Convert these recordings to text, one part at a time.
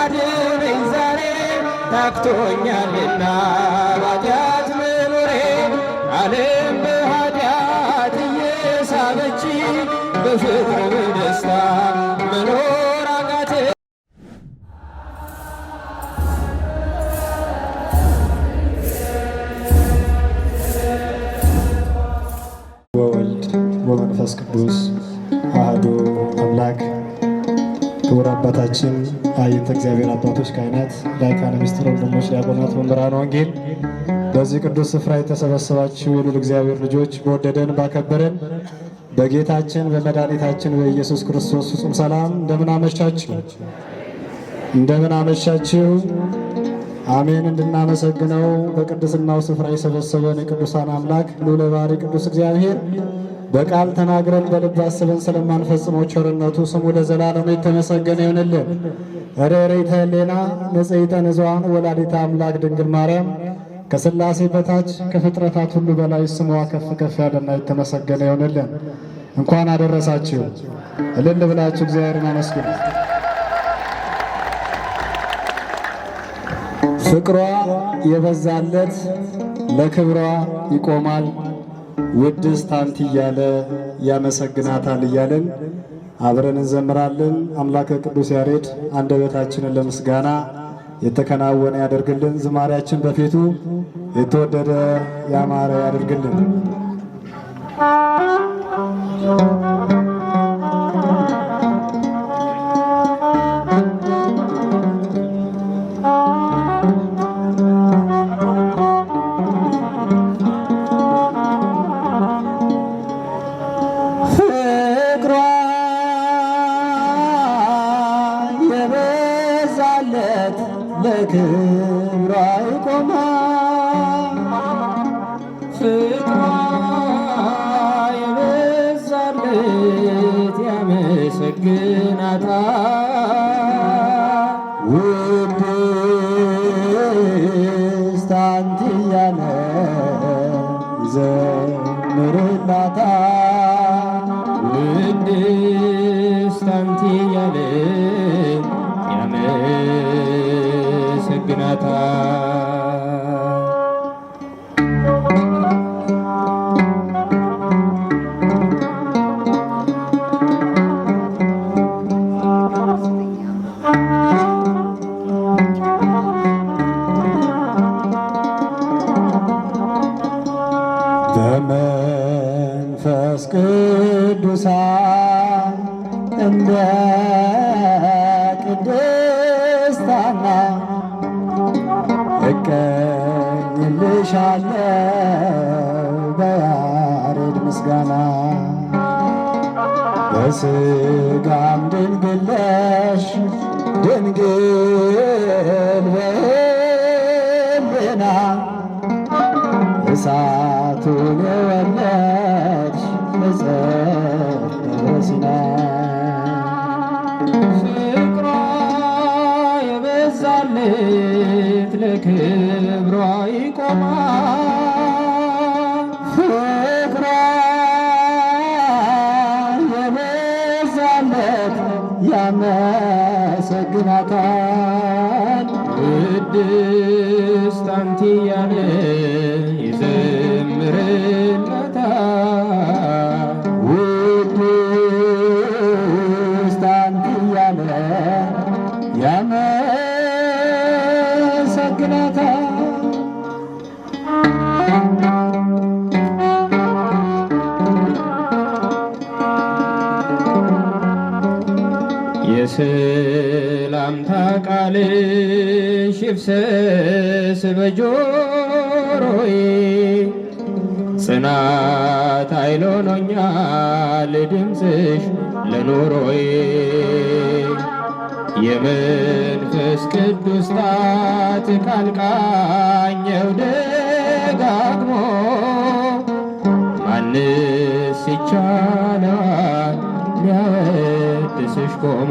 አድነኝ ዛሬ ታክቶኛልና ባጃት መኖሬ ዓለም በኃጢአት እየሳበች በፍቅር በደስታ መኖር አቃቴ ወወልድ ወመንፈስ ቅዱስ ክቡር አባታችን አይንተ እግዚአብሔር አባቶች፣ ካህናት፣ ዲያቆናት፣ ምስጢር ወንድሞች፣ ዲያቆናት፣ መምህራን ወንጌል በዚህ ቅዱስ ስፍራ የተሰበሰባችሁ የሉል እግዚአብሔር ልጆች በወደደን ባከበረን በጌታችን በመድኃኒታችን በኢየሱስ ክርስቶስ ፍጹም ሰላም እንደምን አመሻችሁ፣ እንደምን አመሻችሁ። አሜን። እንድናመሰግነው በቅድስናው ስፍራ የሰበሰበን የቅዱሳን አምላክ ሉለባሪ ቅዱስ እግዚአብሔር በቃል ተናግረን በልብ አስበን ስለማንፈጽመው ቸርነቱ ስሙ ለዘላለም የተመሰገነ ይሆንልን። ረሬተ ሌና ንጽሕተ ንጹሐን ወላዲተ አምላክ ድንግል ማርያም ከስላሴ በታች ከፍጥረታት ሁሉ በላይ ስሟ ከፍ ከፍ ያለና የተመሰገነ ይሆንልን። እንኳን አደረሳችሁ። እልል ብላችሁ እግዚአብሔርን አመስግኑ። ፍቅሯ የበዛለት ለክብሯ ይቆማል። ውድስት አንት እያለ ያመሰግናታል እያለን አብረን እንዘምራለን። አምላከ ቅዱስ ያሬድ አንደበታችንን ለምስጋና የተከናወነ ያደርግልን፣ ዝማሪያችን በፊቱ የተወደደ ያማረ ያደርግልን። በመንፈስ ቅዱሳን እንደ ቅድስታና እቀኝልሻለው በያሬድ ምስጋና በስጋም ድንግል ድንግል በሕሊና እሳ ቱን የወለድሽ በጸደረ ሲና ፍቅሯ የበዛለት ለክብሯ ይቆማል ፍቅሯ የበዛለት ያመሰግናታል ቅድስት ልፍስስ በጆሮዬ ጽናት ኃይል ሆኖኛል ድምፅሽ ለኑሮዬ የመንፈስ ቅዱስ ጣት ቃል ደጋግሞ ማንስ ይቻለዋል ሊያወድስሽ ቆሞ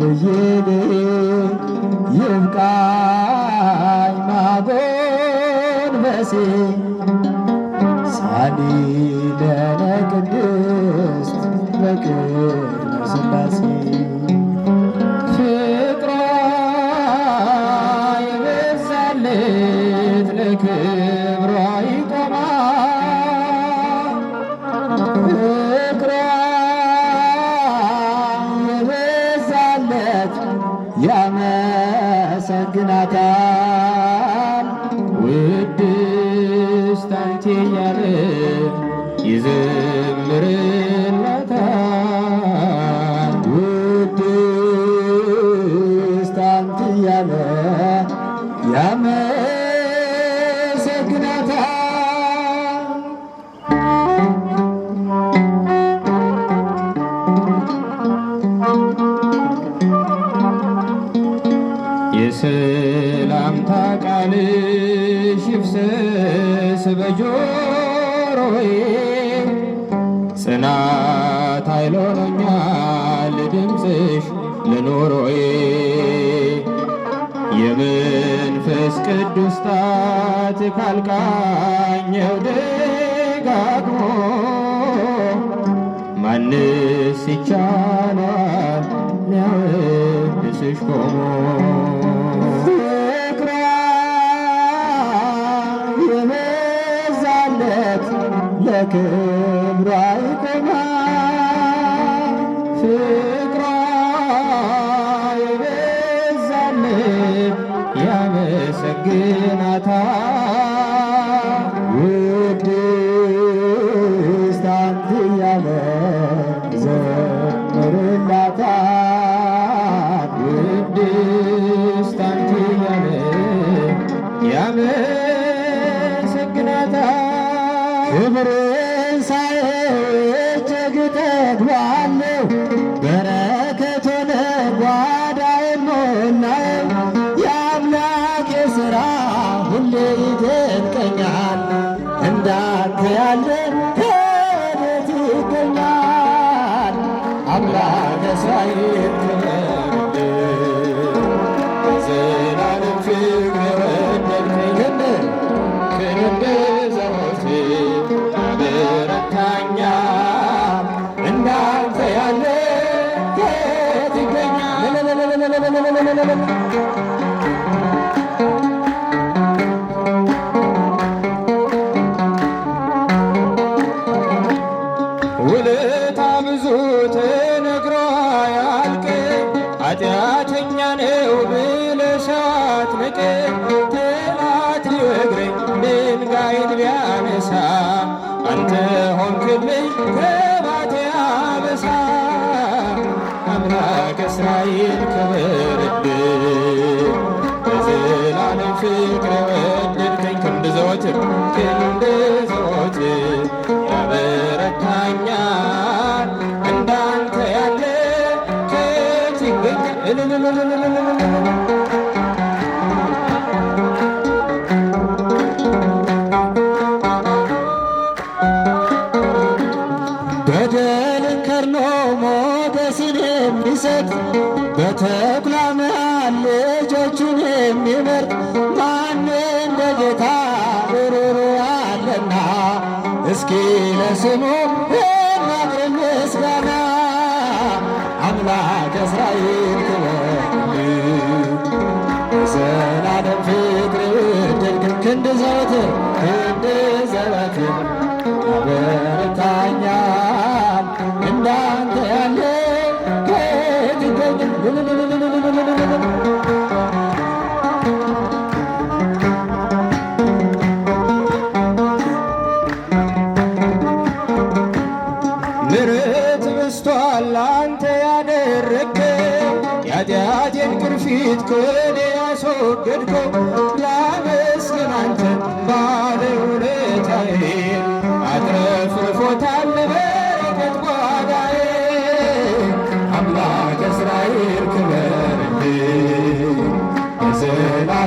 ልይል ይብቃኝ ማጎንበሴ ሳሊለነ ቅድስት በቅድስናሴ yüzü ጽናት ኃይሎኛል ድምፅሽ ለኖሮዬ የመንፈስ ቅዱስ ጣት ካልቃኘው ደጋግሞ ማንስ ይቻላል ሊያወድስሽ ቆሞ ፍቅሯ የበዛለት ክብሯ ይቆማል ፍቅሯ ያመሰግናታል ያለ ከቤት ይገኛል አምላክ እስራኤል ውለታ ብዙ ተነግሮ አያልቅ ኃጢአተኛ ነው ብለሻት ነቀ ጠላት ይወግረኝ ድንጋይን ቢያነሳ አንተ ሆንክልኝ ከባቴ አበሳ አምላክ እስራኤል ክብር Thank you. American.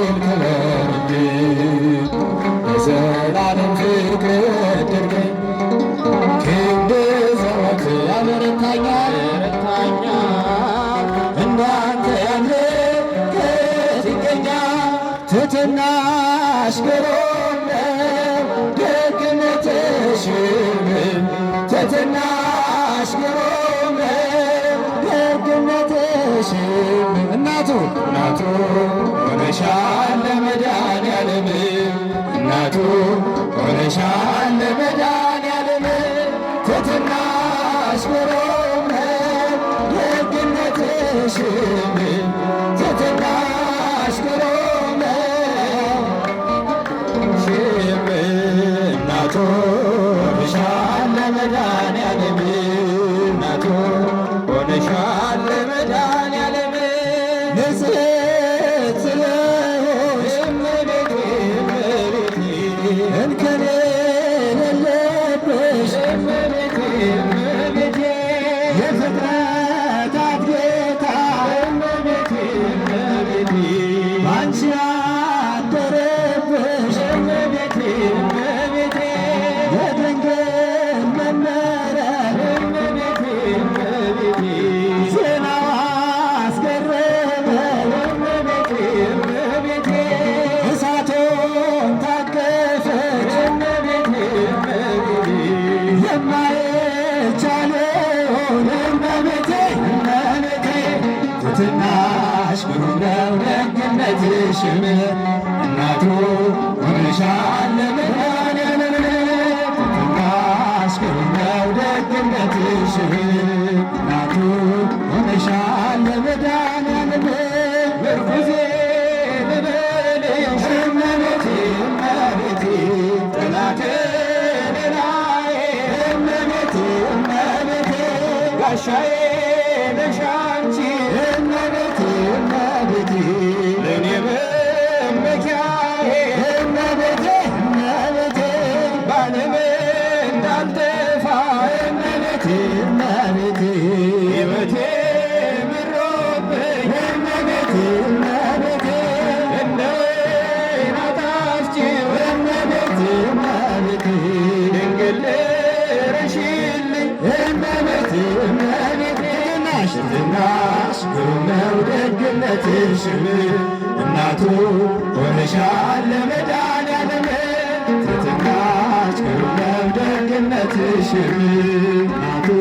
Amen. ይሻል መድኃኔዓለም ትሕትና አስምሮም ደግነትሽ Right after ሆነሽም እናቱ ሆነሻል ለመድኃኔዓለም የሚያስገርመው ደግነትሽ እናቱ ሆነሻል ጋሻዬ እንዳልጠፋ እመቤቴ እመቤቴ ሕይወቴ ምሮብኝ እመቤቴ እመቤቴ እንደ ወይን አጣፍጭው እመቤቴ እመቤቴ ድንግል እረሺልኝ እመቤቴ እመቤቴ ናሽትናሽ ግሩም ደግነትሽ እናቱ ሆነሻል ለመዳን ቸርነትሽ ደግነትሽ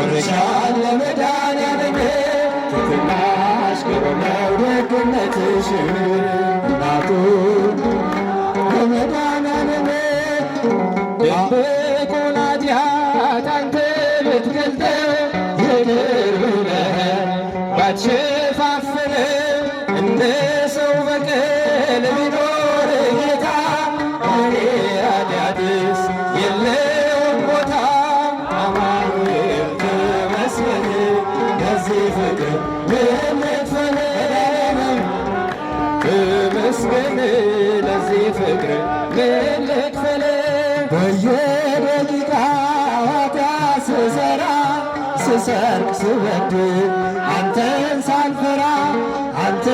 ወርሻን ለመዳን ያደገ ትትናሽ ገበመው ደግነትሽ እናቱ ለመዳን ያደገ ደብቆላት ያታንተ ብትገልጠ ይቅር ብለህ ባትሽ ፍቅር ምን ልክፈል ስሰራ ስሰርቅ ስወድ አንተን ሳልፈራ አንተ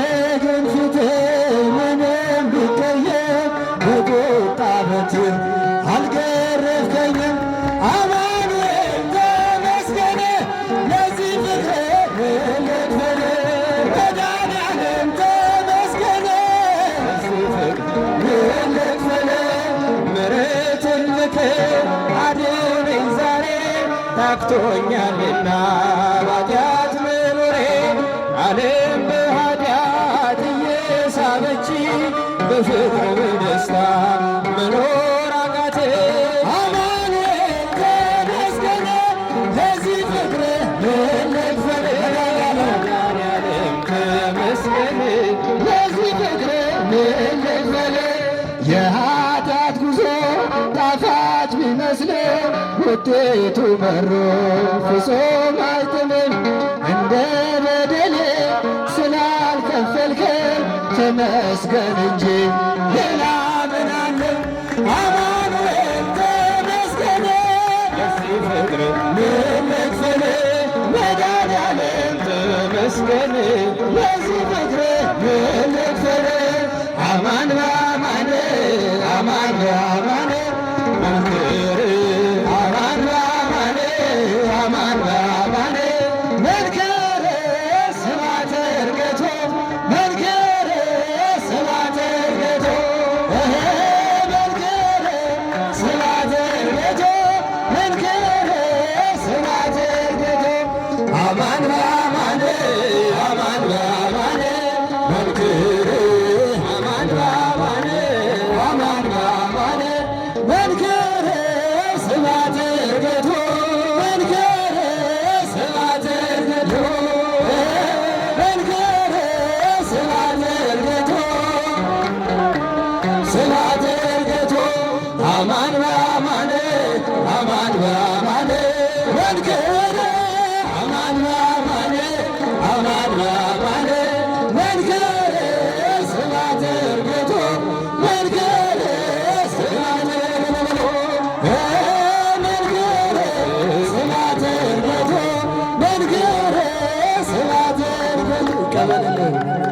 ግን ፊት ምንም ቢቀየም በቁጣ በትር ገፍቶኛልና ባጢአት መኖሬ ዓለም በኃጢአት እየሳበች በፍቅር በደስታ መኖር አቃቴ ። አማኑኤል ፍቅር ፍቴቱ በሮ ፍጹም አይጥልም እንደ በደሌ ስላልከፈልከ ተመስገን እንጂ ሌላ አማኑኤል ተመስገን መድኃኒዓለም ተመስገን ለዚህ ፍቅር አማን አማን